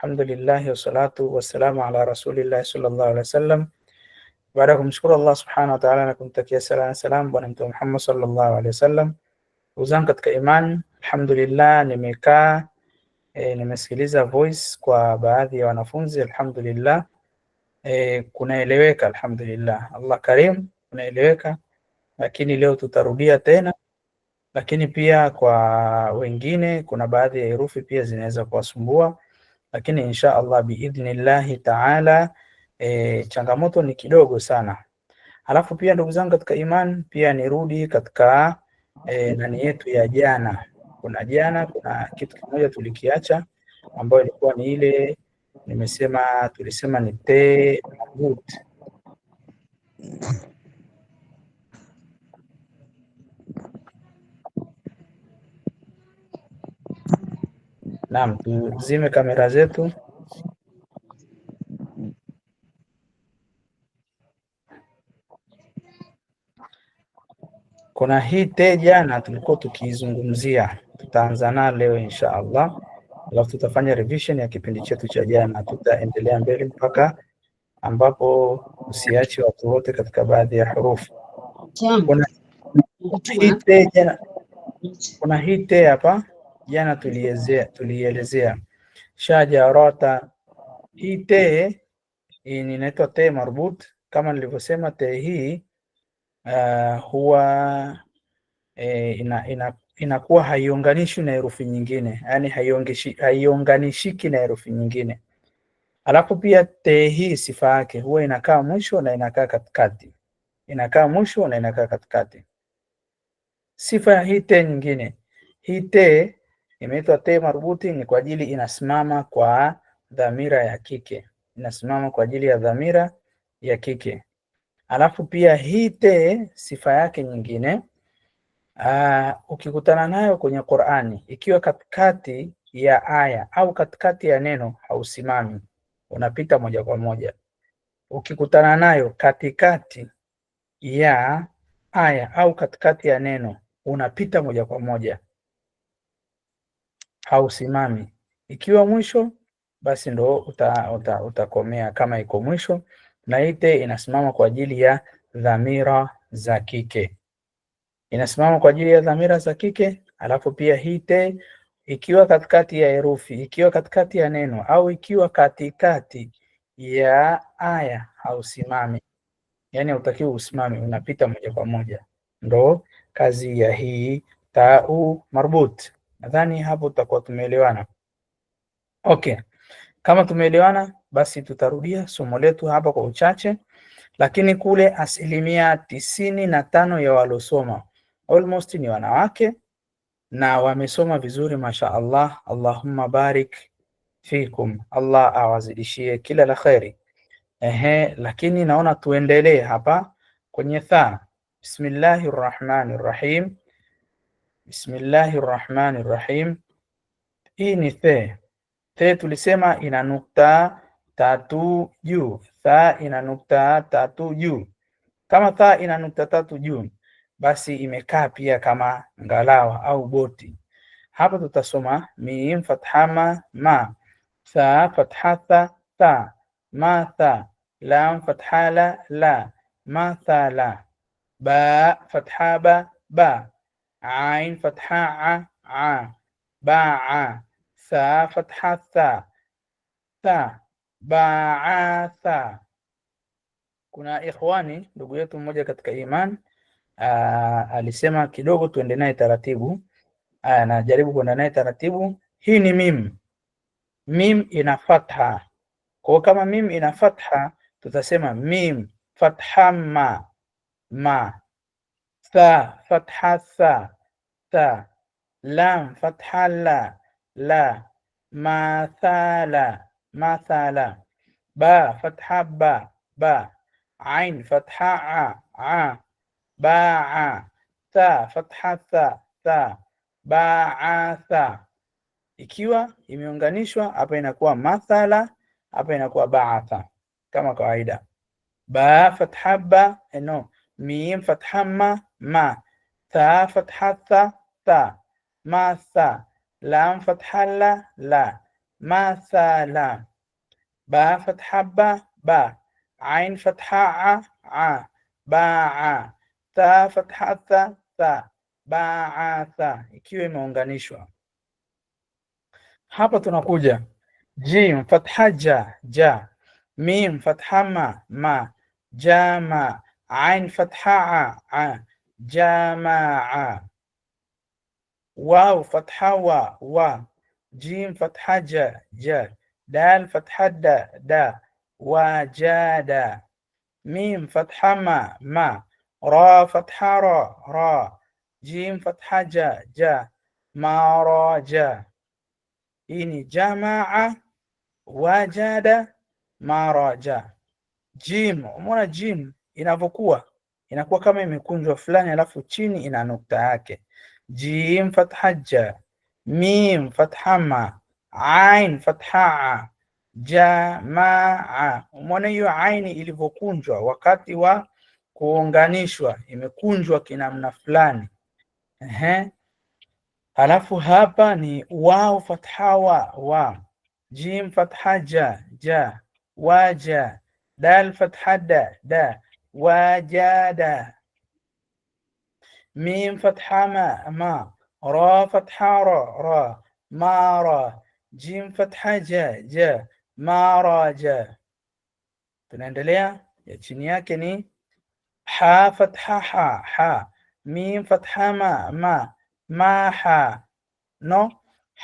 Alhamdulillah wassalatu wassalamu ala rasulillah sallallahu alaihi wasallam. Baada ya kumshukuru Allah subhanahu wa ta'ala na kumtakia sala na salam bwana Mtume Muhammad sallallahu alaihi wasallam, uzangu katika iman alhamdulillah nimekaa e, nimesikiliza voice kwa baadhi ya wanafunzi alhamdulillah, e, kunaeleweka alhamdulillah, Allah karim, kunaeleweka, lakini leo tutarudia tena lakini pia kwa wengine kuna baadhi ya herufi pia zinaweza kuwasumbua lakini insha Allah biidhnillahi taala e, changamoto ni kidogo sana. Alafu pia ndugu zangu katika iman, pia nirudi katika e, nani yetu ya jana. Kuna jana kuna kitu kimoja tulikiacha, ambayo ilikuwa ni ile nimesema, tulisema ni te Naam, tuzime kamera zetu. Kuna hii teja na tulikuwa tukiizungumzia, tutaanza nayo leo insha Allah, alafu tutafanya revision ya kipindi chetu cha jana. Tutaendelea mbele mpaka ambapo usiache watu wote katika baadhi ya hurufu. Kuna hii teja, kuna hii te hapa jana tulielezea tulielezea shajarata hii tee inaitwa tee marbut kama nilivyosema te hii uh, huwa e, ina, ina, inakuwa haionganishwi na herufi nyingine yani haionganishiki na herufi nyingine alafu pia te hii sifa yake huwa inakaa mwisho na inakaa katikati inakaa mwisho na inakaa katikati sifa hii tee nyingine hii te Imeitwa te marbuti ni kwa ajili inasimama kwa dhamira ya kike, inasimama kwa ajili ya dhamira ya kike. Alafu pia hii te sifa yake nyingine Uh, ukikutana nayo kwenye Qur'ani ikiwa katikati ya aya au katikati ya neno hausimami, unapita moja kwa moja. Ukikutana nayo katikati ya aya au katikati ya neno unapita moja kwa moja hausimami. Ikiwa mwisho, basi ndo uta, uta, utakomea. Kama iko mwisho na ite inasimama kwa ajili ya dhamira za kike, inasimama kwa ajili ya dhamira za kike. Alafu pia hite ikiwa katikati ya herufi, ikiwa katikati ya neno au ikiwa katikati ya aya hausimami, yani hautakiwi usimami, unapita moja kwa moja. Ndo kazi ya hii tau marbut. Nadhani hapo tutakuwa tumeelewana. Okay. Kama tumeelewana basi tutarudia somo letu hapa kwa uchache, lakini kule asilimia tisini na tano ya walosoma almost ni wanawake na wamesoma vizuri masha Allah. Allahumma barik fikum, Allah awazidishie kila la kheri. Ehe, lakini naona tuendelee hapa kwenye thaa. Bismillahi rrahmani بسم الله الرحمن الرحيم Hii ni the. The tulisema ina nukta tatu juu, tha ina nukta tatu juu. Kama tha ina nukta tatu juu, basi imekaa pia kama ngalawa au boti. Hapa tutasoma mim fathama ma tha fathatha tha ma tha lam fathala la ma tha la ba fathaba ba ain fatha a a baa sa fatha sa sa baa sa. Kuna ikhwani, ndugu yetu mmoja katika iman aa, alisema kidogo tuende naye taratibu, anajaribu kuenda naye taratibu. Hii ni mim, mim ina fatha kwa kama mim ina fatha tutasema mim fatha ma ma ta fatha sa ta lam fatha la la mathala mathala ba fatha ba ba ain fatha a a baa ta fatha sa ta baatha. Ikiwa imeunganishwa hapa inakuwa mathala, hapa inakuwa baatha kama kawaida. Ba fatha ba eh, no mim fatha ma thaa fatha tha tha ma tha lam fatha la la ma tha la ba fatha ba ba ain fatha a a ba a tha fatha tha tha ba a tha, ikiwa imeunganishwa hapa. Tunakuja jim fatha ja ja mim fatha ma ma jama ain fatha a a جماعة واو فتحة و و جيم فتحة ج ج دال فتحة د د وجاد ميم فتحة ما ما را فتحة را را جيم فتحة جا جا ما را جا إني جماعة وجاد ما را جا جيم umeona jim inavyokuwa inakuwa kama imekunjwa fulani, alafu chini ina nukta yake. Jim fatha ja, mim fatha ma, ain fatha a, jamaa. Umeona hiyo aini ilivyokunjwa wakati wa kuunganishwa, imekunjwa kinamna fulani. Ehe, alafu hapa ni wao fatha wa, wa jim fatha ja, ja waja, dal fatha da, da وجد ميم فتحة ما ما را فتحة را را ما را جيم فتحة جا جا ما را جا tunaendelea ya chini yake ni ha fatha ha ha mim fatha ma ma ma ha no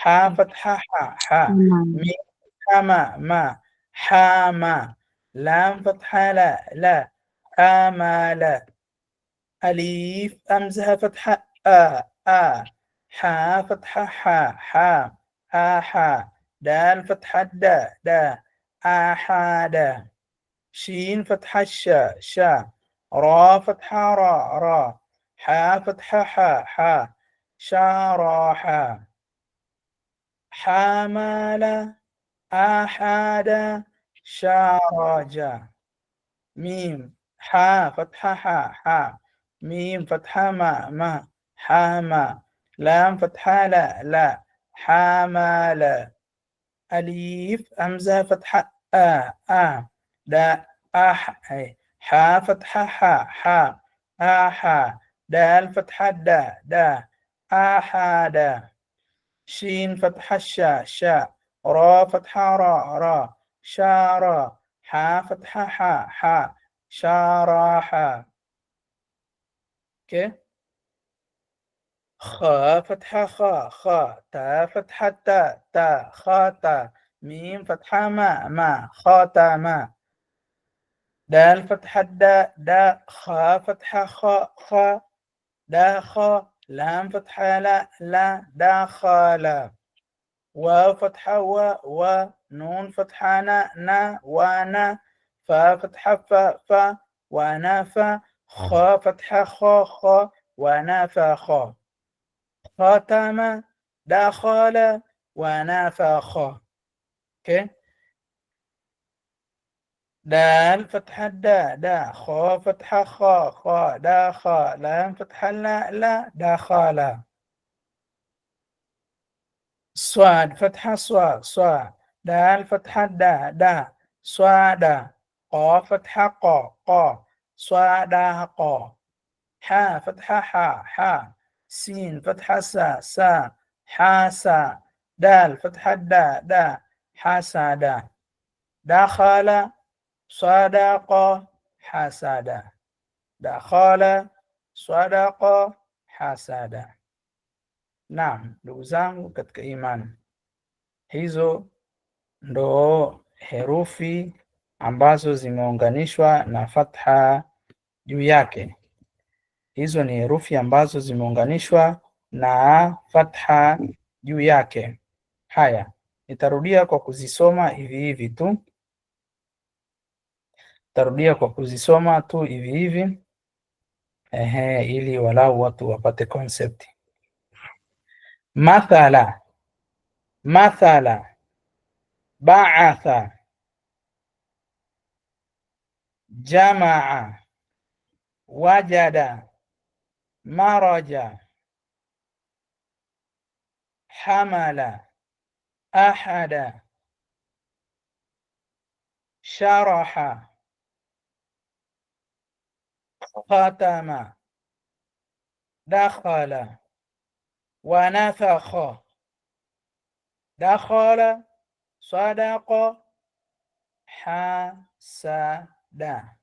ha fatha ha ha mim fatha ma ma ha ma lam fatha la la آمال أليف أمزها فتحة آ آ حا فتحة حا حا آحا دال فتحة دا دا آحادا شين فتحة شا شا را فتحة را را حا فتحة حا حا شاراحا حمل أحد شارج ميم حا فتحة حا حا ميم فتحة ما ما حاما لام فتحة لا لا حامل أليف أمزة فتحة آ آ دا أح حا فتحة حا حا آحا دال فتحة دا دا آحادا شين فتحة شا شا را فتحة را را شارا حا فتحة حا حا شرح اوكي خ فتحة خ خ تا فتحة تا خ تا ميم فتحة ما ما تا ما دال فتحة دا داء خ فتحة خ دا خ لام فتحة لا لا لا واو فتحة و و نون فتحة نا نا ن فا فتحة فا فا وأناف خا فتحة خا خا وأناف خا خاتم دخل وأناف خا أوكي دال فتحة دا دا خا فتحة خا خا دا خا لام فتحة لا لا دخل صاد فتحة صا صا دال فتحة دا دا صادا قا فتحة قا قا صادها قا حا فتحة حا حا سين فتحة سا سا حاسا دال فتحة دا دا حاسدا دخل صدق حسدا دخل صدق hasada. Naam, ndugu zangu katika imani, hizo ndo herufi ambazo zimeunganishwa na fatha juu yake. Hizo ni herufi ambazo zimeunganishwa na fatha juu yake. Haya, nitarudia kwa kuzisoma hivi hivi tu, nitarudia kwa kuzisoma tu hivi hivi, ehe, ili walau watu wapate concept. Mathala, mathala, ba'atha جمع وجد مرج حمل أحد شرح ختم دخل ونفخ دخل صدق حسن da.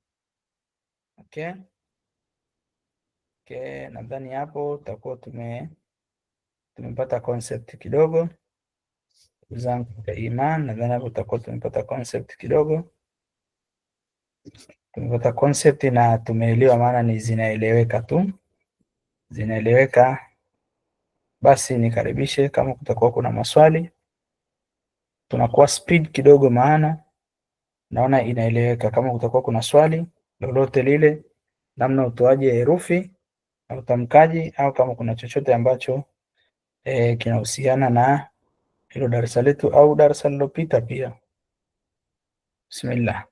Okay, okay, nadhani hapo tutakuwa tume tumepata concept kidogo zangu ya iman. Nadhani hapo tutakuwa tumepata concept kidogo, tumepata concept na tumeelewa, maana ni zinaeleweka tu, zinaeleweka. Basi nikaribishe kama kutakuwa kuna maswali, tunakuwa speed kidogo maana naona inaeleweka. Kama kutakuwa kuna swali lolote lile, namna utoaji ya herufi na utamkaji, au kama kuna chochote ambacho e, kinahusiana na hilo darasa letu au darasa lilopita pia. Bismillah.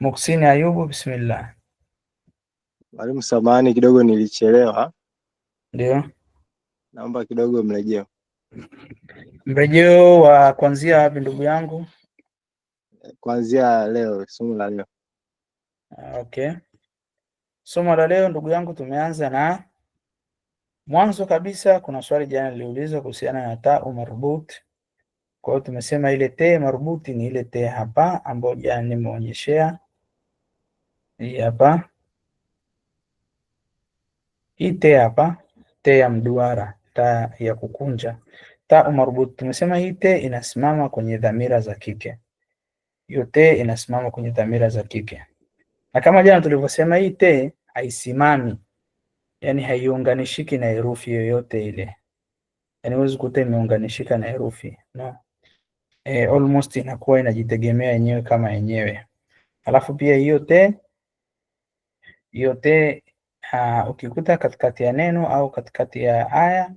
Muksini Ayubu, bismillah. Mwalimu, samahani kidogo nilichelewa. Ndio, naomba kidogo mrejeo Mrejeo wa kuanzia wapi, ndugu yangu? Kuanzia leo, somo la leo. Ah, okay, somo la leo ndugu yangu, tumeanza na mwanzo kabisa. Kuna swali jana liliulizwa kuhusiana na tau marbut. Kwa hiyo tumesema ile te marbuti ni ile te hapa ambayo jana nimeonyeshea hii hapa, hii te hapa, te ya mduara, ta ya kukunja ta marbut tumesema hii te inasimama kwenye dhamira za kike. Hiyo te inasimama kwenye dhamira za kike, na kama jana tulivyosema, hii te haisimami, yani haiunganishiki na herufi yoyote ile, yani huwezi kuta imeunganishika na herufi no. E, almost inakuwa inajitegemea yenyewe kama yenyewe. Alafu pia hiyo te hiyo te ukikuta katikati ya neno au katikati ya aya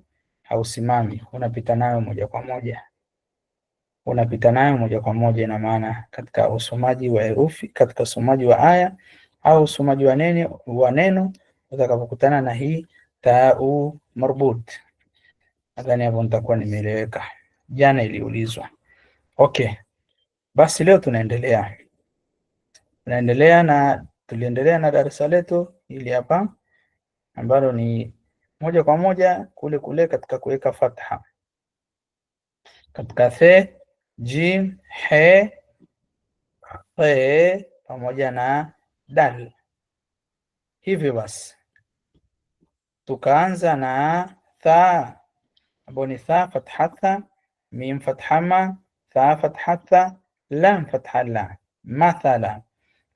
hausimami, unapita nayo moja kwa moja, unapita nayo moja kwa moja. Ina maana katika usomaji wa herufi, katika usomaji wa aya au usomaji wa neno, wa neno utakapokutana na hii tau marbut. Nadhani hapo nitakuwa nimeeleweka. Jana iliulizwa. Okay, basi leo tunaendelea, tunaendelea na tuliendelea na darasa letu hili hapa ambalo ni moja kwa moja kule kule katika kuweka fatha katika the jim he he pamoja na dal. Hivyo basi tukaanza na tha ambayo ni tha fathatha, mim fathama, tha fathatha, lam fathalla, mathala,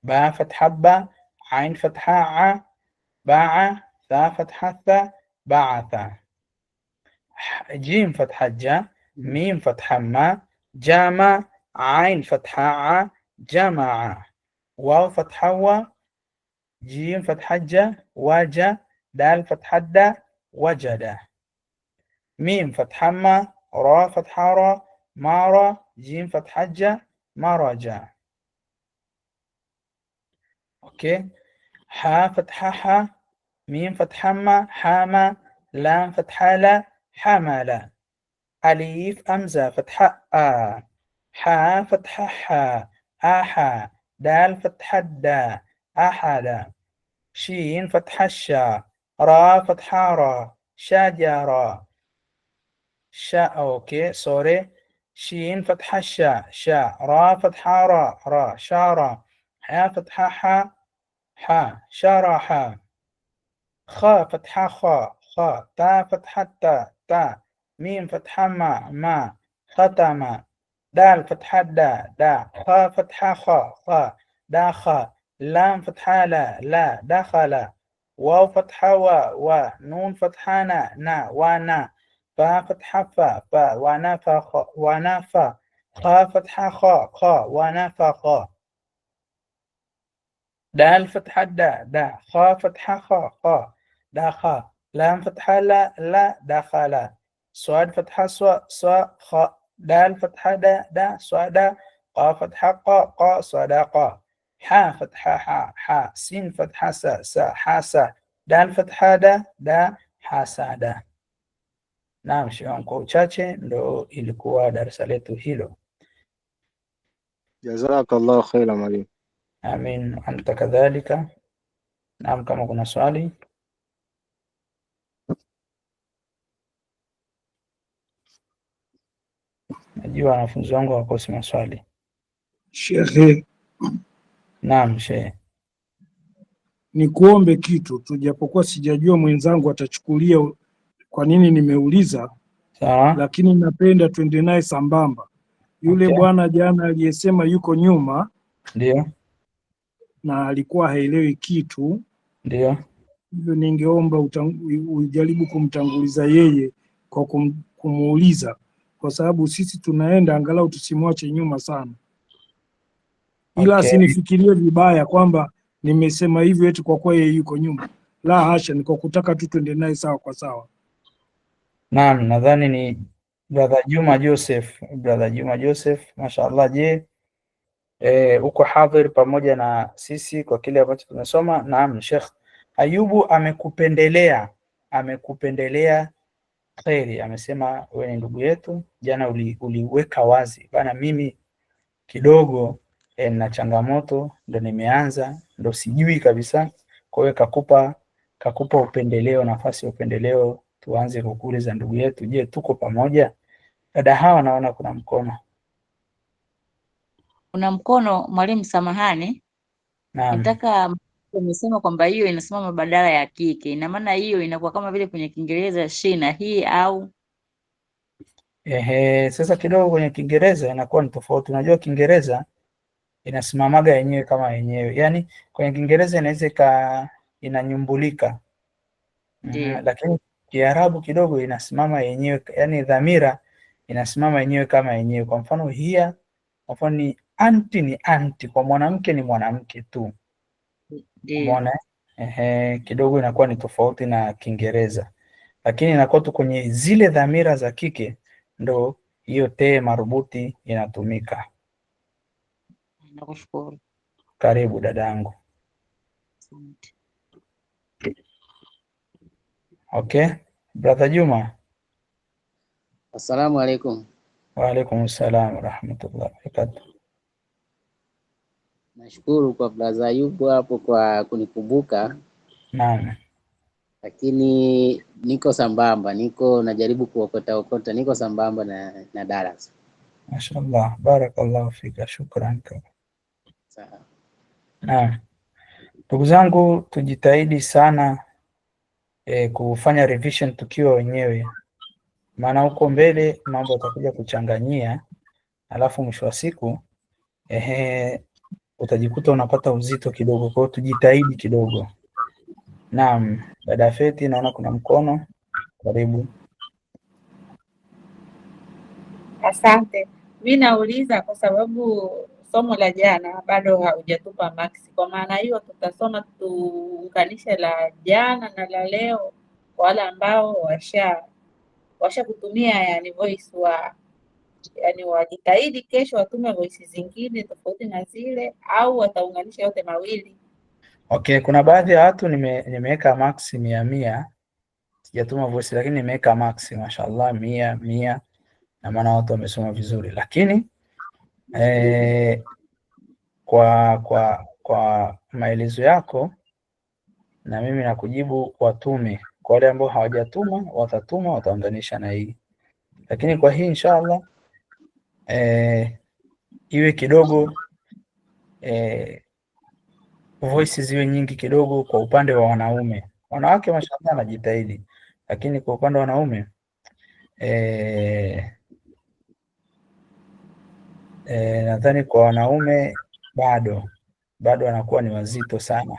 ba fathaba, ain fathaa, baa, tha fathatha بعث جيم فتحة جا ميم فتحة ما جامع عين فتحة ع جمع واو فتحة و جيم فتحة جا وجا دال فتحة دا وجد ميم فتحة ما را فتحة را ما را جيم فتحة جا مرجا أوكي ح فتحة ح ميم فتحة ما حما لام فتحة لا حملا أليف أمزة فتحة آ حا فتحة حا أحا دال فتحة دا أحدا شين فتحة شا را فتحة را شجرة شا أوكي سوري شين فتحة شا شا را فتحة را را شارة حا فتحة حا حا شرحة ข้อฟัทะข้อข้อตาฟัทะตาตามีมฟัทะมามาข้อตามาดาลฟัทะดาดาข้อฟัทะข้อข้อดาข้อลามฟัทะลาลาดาข้อลาวาวฟัทะวะวะนูนฟัทะนานาวานาฟาฟัทะฟาฟาวานาฟะขอวานาฟาข้อฟัทะข้อข้อวานาฟะข้อดาลฟัทะดาดาข้อฟัทะข้อข้อ دخا لام فتحة لا لا دخلا صاد فتحة صو صو خاء دال فتحة دا دا صاد قا فتحة قا قا صاد قا حا فتحة حا حا سين فتحة س س حاسة دال فتحة دا دا حاسة دا Naam, نعم، shi wangu kwa إلكوا ndo ilikuwa darasa letu hilo. Jazakallahu khairan mwalimu. Amin, anta kadhalika. Naam, kama kuna swali Najua wanafunzi wangu hawakosi maswali. Shehe, naam shehe, ni kuombe kitu tu, japokuwa sijajua mwenzangu atachukulia kwa nini nimeuliza Sawa. Lakini napenda twende naye sambamba yule okay. Bwana jana aliyesema yuko nyuma ndio, na alikuwa haelewi kitu ndio, hivyo ningeomba ujaribu kumtanguliza yeye kwa kum, kumuuliza kwa sababu sisi tunaenda angalau tusimwache nyuma sana, ila okay. Sinifikirie vibaya kwamba nimesema hivyo eti kwa kuwa yeye yuko nyuma, la hasha, ni kwa kutaka tu tuende naye sawa kwa sawa. Naam, nadhani ni brother Juma Joseph, brother Juma Joseph, mashaallah. Je, eh, uko hadhir pamoja na sisi kwa kile ambacho tumesoma? Naam, Sheikh Ayubu amekupendelea, amekupendelea kheri, amesema wewe ni ndugu yetu. Jana uli, uliweka wazi bana, mimi kidogo eh, na changamoto ndo nimeanza ndo sijui kabisa. Kwa hiyo kakupa kakupa upendeleo, nafasi ya upendeleo, tuanze kukuuliza ndugu yetu, je, tuko pamoja? Dada hawa, naona kuna mkono kuna mkono mwalimu, samahani, nataka umesema kwamba hiyo inasimama badala ya kike, ina maana hiyo inakuwa kama vile kwenye Kiingereza she na he au ehe. Sasa kidogo kwenye Kiingereza inakuwa ni tofauti. Unajua Kiingereza inasimamaga yenyewe kama yenyewe, yaani kwenye Kiingereza inaweza ika inanyumbulika mm, lakini Kiarabu kidogo inasimama yenyewe, yaani dhamira inasimama yenyewe kama yenyewe. Kwa mfano hia, kwa mfano ni anti, ni anti, kwa mwanamke ni mwanamke tu ndio. Umeona ehe, kidogo inakuwa ni tofauti na Kiingereza, lakini inakuwa tu kwenye zile dhamira za kike ndo hiyo te marubuti inatumika. Nakushukuru. Karibu dadangu. Okay, brother Juma. Assalamu alaikum. Wa alaikum salam warahmatullahi wabarakatuh. Nashukuru kwa Brother Ayubu hapo kwa kunikumbuka. Naam. Lakini niko sambamba, niko najaribu kuokota okota, niko sambamba na, na darasa. mashallah barakallahu fika, shukran. Naam. Ndugu zangu tujitahidi sana eh, kufanya revision tukiwa wenyewe, maana huko mbele mambo yatakuja kuchanganyia, alafu mwisho wa siku eh, utajikuta unapata uzito kidogo. Kwa hiyo tujitahidi kidogo. Naam, dada Feti, naona kuna mkono, karibu. Asante. Mi nauliza kwa sababu somo la jana bado haujatupa maksi. Kwa maana hiyo, tutasoma tuunganishe la jana na la leo, kwa wale ambao washa washa kutumia yani voice wa yani wajitahidi kesho watume voisi zingine tofauti na zile, au wataunganisha yote mawili? Okay, kuna baadhi ya watu nimeweka nime max mia mia, sijatuma voisi lakini nimeweka max mashallah mia mia, na maana watu wamesoma vizuri, lakini eh, kwa kwa kwa maelezo yako na mimi nakujibu watume. Kwa wale ambao hawajatuma watatuma, wataunganisha na hii, lakini kwa hii inshallah eh, iwe kidogo eh, voices ziwe nyingi kidogo kwa upande wa wanaume. Wanawake mashallah anajitahidi, lakini kwa upande wa wanaume eh, eh, nadhani kwa wanaume bado bado wanakuwa ni wazito sana.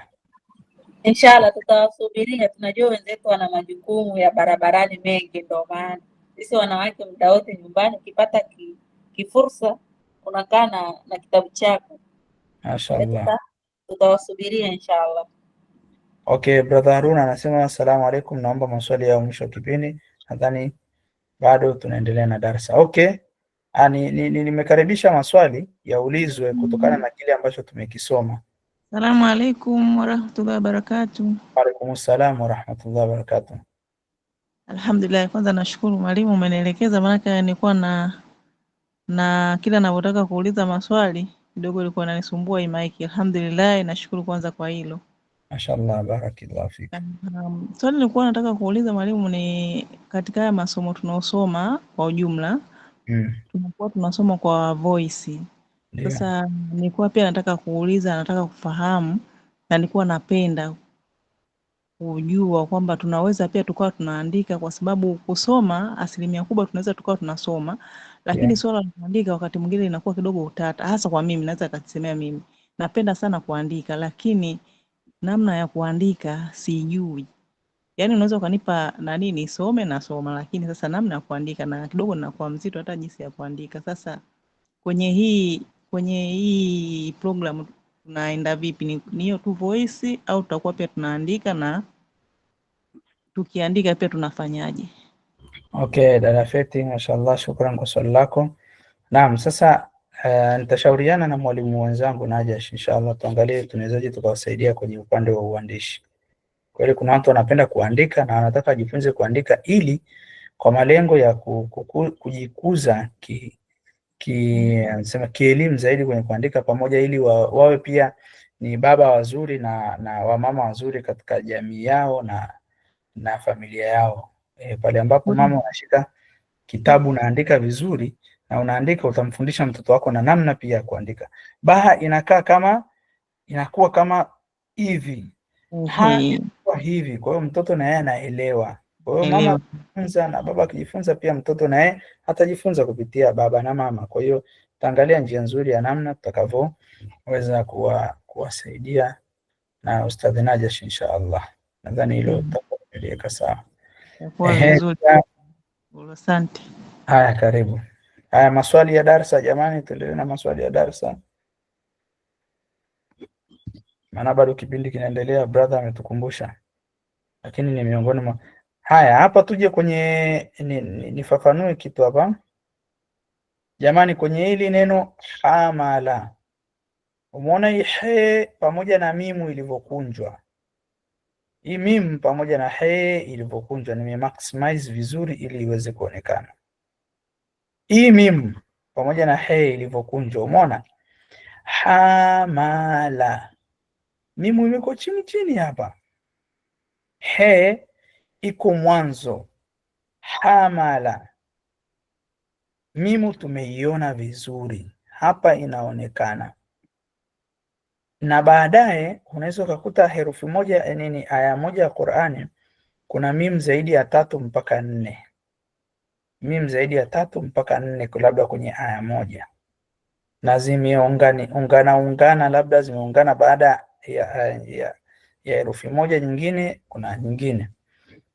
Inshallah tutawasubiria, tunajua wenzetu wana majukumu ya barabarani mengi, ndio maana sisi wanawake muda wote nyumbani ukipata kifursa unakaa na, na kitabu chako mashaallah, tutawasubiria inshaallah. Okay, brother Haruna anasema asalamu alaikum, naomba maswali ya mwisho kipindi. Nadhani bado tunaendelea na darsa. Okay, nimekaribisha ni, ni maswali yaulizwe mm-hmm. kutokana na kile ambacho tumekisoma. Asalamu alaikum warahmatullahi wabarakatuh. Waalaikum salam warahmatullahi wabarakatuh. Alhamdulillah, kwanza nashukuru mwalimu, umenielekeza maanake nilikuwa na na kila ninapotaka kuuliza maswali kidogo ilikuwa inanisumbua hii mic. Alhamdulillah, nashukuru kwanza kwa hilo. Mashaallah, barakallahu fik. Um, swali nilikuwa nataka kuuliza mwalimu ni katika haya masomo tunaosoma kwa ujumla mm. tunakuwa tunasoma kwa voice sasa yeah. Nilikuwa pia nataka kuuliza, nataka kufahamu na nilikuwa napenda kujua kwamba tunaweza pia tukawa tunaandika, kwa sababu kusoma asilimia kubwa tunaweza tukawa tunasoma lakini yeah. Swala la kuandika wakati mwingine linakuwa kidogo utata, hasa kwa mimi, naweza kasemea mimi napenda sana kuandika, lakini namna ya kuandika sijui. Yani unaweza ukanipa na nini some na soma, lakini sasa namna ya kuandika na kidogo ninakuwa mzito, hata jinsi ya kuandika. Sasa kwenye hii kwenye hii program tunaenda vipi? Ni hiyo tu voice au tutakuwa pia tunaandika? Na tukiandika pia tunafanyaje? Okay, dada Feti, mashallah, shukran kwa swali lako. Naam, sasa uh, nitashauriana na mwalimu wenzangu Najash, inshallah tuangalie tunawezaje tukawasaidia kwenye upande wa uandishi. Kweli kuna watu wanapenda kuandika na wanataka ajifunze kuandika ili kwa malengo ya kujikuza ki ki sema kielimu zaidi kwenye kuandika pamoja, ili wa, wawe pia ni baba wazuri na, na wamama wazuri katika jamii yao na na familia yao. E, pale ambapo mm -hmm. mama unashika kitabu unaandika vizuri na unaandika, utamfundisha mtoto wako na namna pia ya kuandika. Baha inakaa kama inakuwa kama hivi mm -hmm. hivi, kwa hiyo mtoto naye anaelewa. Kwa hiyo mama akijifunza na baba akijifunza, pia mtoto naye atajifunza kupitia baba na mama. Kwa hiyo tutaangalia njia nzuri ya namna tutakavyoweza kuwa kuwasaidia na Ustadhi Najash inshaallah. nadhani hilo mm -hmm. tutaeleka sawa. Asante. Haya, karibu. Haya, maswali ya darsa jamani, tuendelee na maswali ya darsa, maana bado kipindi kinaendelea. Brother ametukumbusha, lakini ni miongoni mwa haya hapa. Tuje kwenye nifafanue, ni, ni kitu hapa jamani, kwenye hili neno hamala, umeona hii he pamoja na mimu ilivyokunjwa hii mim pamoja na he ilivyokunjwa maximize vizuri ili iweze kuonekana. Hii mim pamoja na he ilivyokunjwa, umeona hamala, mimu imeko chini chini hapa, he iko mwanzo, hamala mimu tumeiona vizuri hapa, inaonekana na baadaye unaweza ukakuta herufi moja eh, nini, aya moja ya Qur'ani kuna mim zaidi ya tatu mpaka nne, mim zaidi ya tatu mpaka nne, labda kwenye aya moja, na zimeungana ungana, ungana labda zimeungana baada ya, ya, ya herufi moja nyingine, kuna nyingine.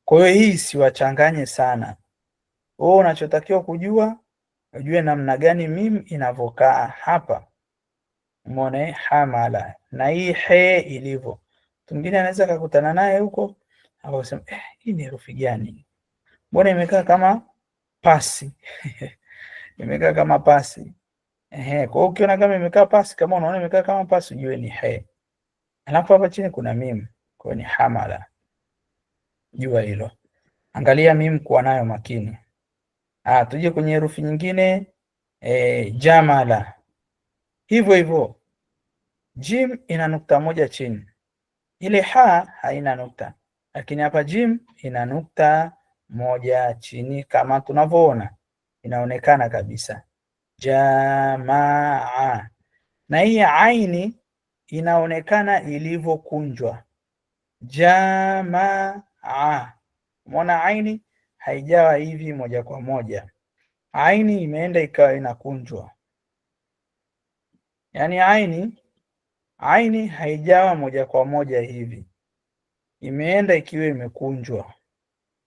Kwa hiyo hii siwachanganye sana. Wewe unachotakiwa kujua, ujue namna gani mim inavyokaa hapa, muone hamala na hii he ilivyo. Mtu Mwingine anaweza akakutana naye huko akasema eh, hii ni herufi gani? Mbona imekaa kama pasi imekaa kama pasi. Ehe, kwa hiyo ukiona kama imekaa pasi, kama unaona imekaa kama pasi, ujue ni he. Alafu hapa chini kuna mim, kwa ni hamala. Jua hilo, angalia mim, kuwa nayo makini. Ah, tuje kwenye herufi nyingine e, jamala, hivyo hivyo Jim ina nukta moja chini, ile ha haina nukta, lakini hapa jim ina nukta moja chini kama tunavyoona, inaonekana kabisa jamaa. Na hii aini inaonekana ilivyokunjwa jamaa. Umeona aini haijawa hivi moja kwa moja, aini imeenda ikawa inakunjwa, yaani aini Aini haijawa moja kwa moja hivi, imeenda ikiwa imekunjwa.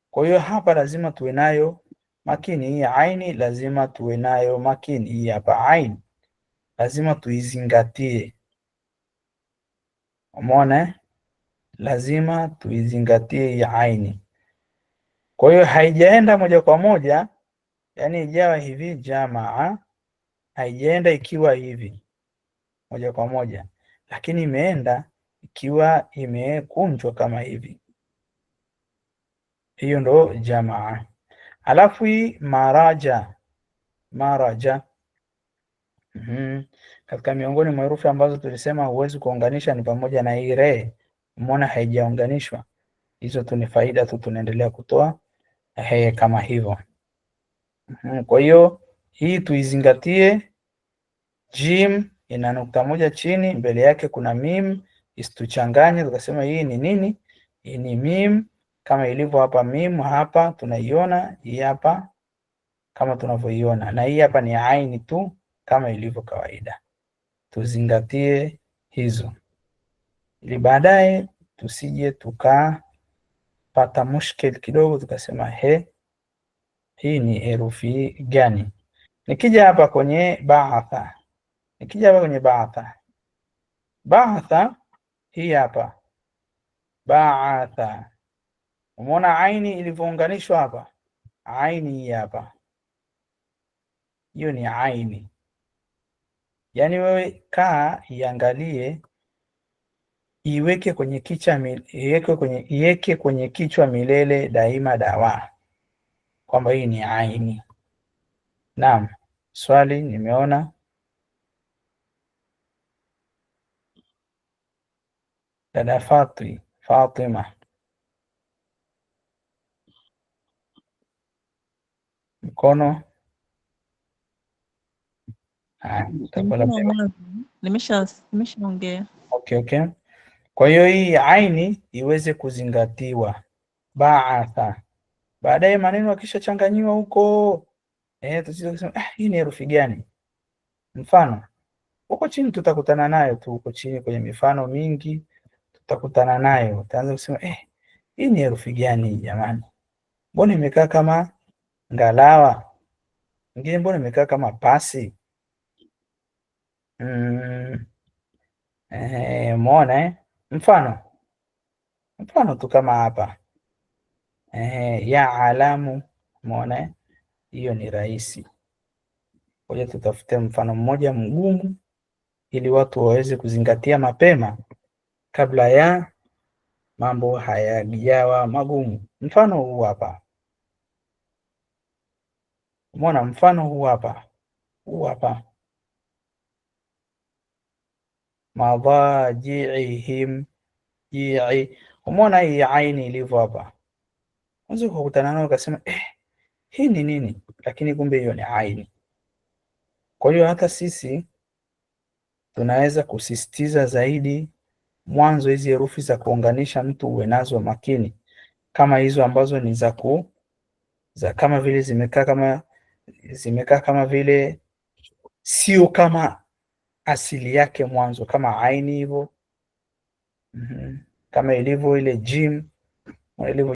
Kwa hiyo hapa lazima tuwe nayo makini, hii aini lazima tuwe nayo makini. Hii hapa aini lazima tuizingatie, umeona, eh? lazima tuizingatie hii aini. Kwa hiyo haijaenda moja kwa moja, yaani ijawa hivi jamaa, haijaenda ikiwa hivi moja kwa moja lakini imeenda ikiwa imekunjwa kama hivi. Hiyo ndo jamaa. Alafu hii maraja, maraja mm -hmm. Katika miongoni mwa herufi ambazo tulisema huwezi kuunganisha ni pamoja na hii re. Umeona haijaunganishwa, hizo tu ni faida tu, tunaendelea kutoa he kama hivyo. Mhm. Kwa hiyo hii tuizingatie jim ina nukta moja chini, mbele yake kuna mim, isituchanganye tukasema hii ni nini? Hii ni mim kama ilivyo hapa. Mim hapa tunaiona hii hapa kama tunavyoiona, na hii hapa ni aini tu kama ilivyo kawaida. Tuzingatie hizo ili baadaye tusije tukapata mushkil kidogo, tukasema he, hii ni herufi gani? Nikija hapa kwenye baatha Nikija hapa kwenye baatha, baatha hii hapa baatha, umeona aini ilivyounganishwa hapa? Aini hii hapa, hiyo ni aini. Yaani wewe kaa iangalie, iweke kwenye kichwa iweke kwenye, iweke kwenye kichwa milele daima dawa, kwamba hii ni aini. Naam, swali nimeona. Dada Fatri Fatima mkono nimeshaongea. Okay, okay. Kwa hiyo hii aini iweze kuzingatiwa baatha, baadaye maneno akishachanganyiwa huko e eh, tusisema eh, hii ni herufi gani? Mfano huko chini tutakutana nayo tu huko chini kwenye mifano mingi utakutana nayo, utaanza kusema eh, hii ni herufi gani jamani? Mbona imekaa kama ngalawa, ngine mbona imekaa kama pasi mm. Eh, mwona eh? Mfano mfano tu kama hapa eh, ya alamu mwona eh? Hiyo ni rahisi. Ngoja tutafute mfano mmoja mgumu ili watu waweze kuzingatia mapema kabla ya mambo hayajawa magumu. Mfano huu hapa, umeona? Mfano huu hapa, huu hapa madajiihim jii. Umeona hii aini ilivyo hapa, unaweza kukutana nao ukasema eh, hii ni nini? Lakini kumbe hiyo ni aini. Kwa hiyo hata sisi tunaweza kusisitiza zaidi mwanzo hizi herufi za kuunganisha mtu uwe nazo makini, kama hizo ambazo ni za ku za kama vile zimekaa kama zimekaa kama vile sio kama asili yake mwanzo, kama aini hivyo, mm -hmm. kama ilivyo ile jim ilivyo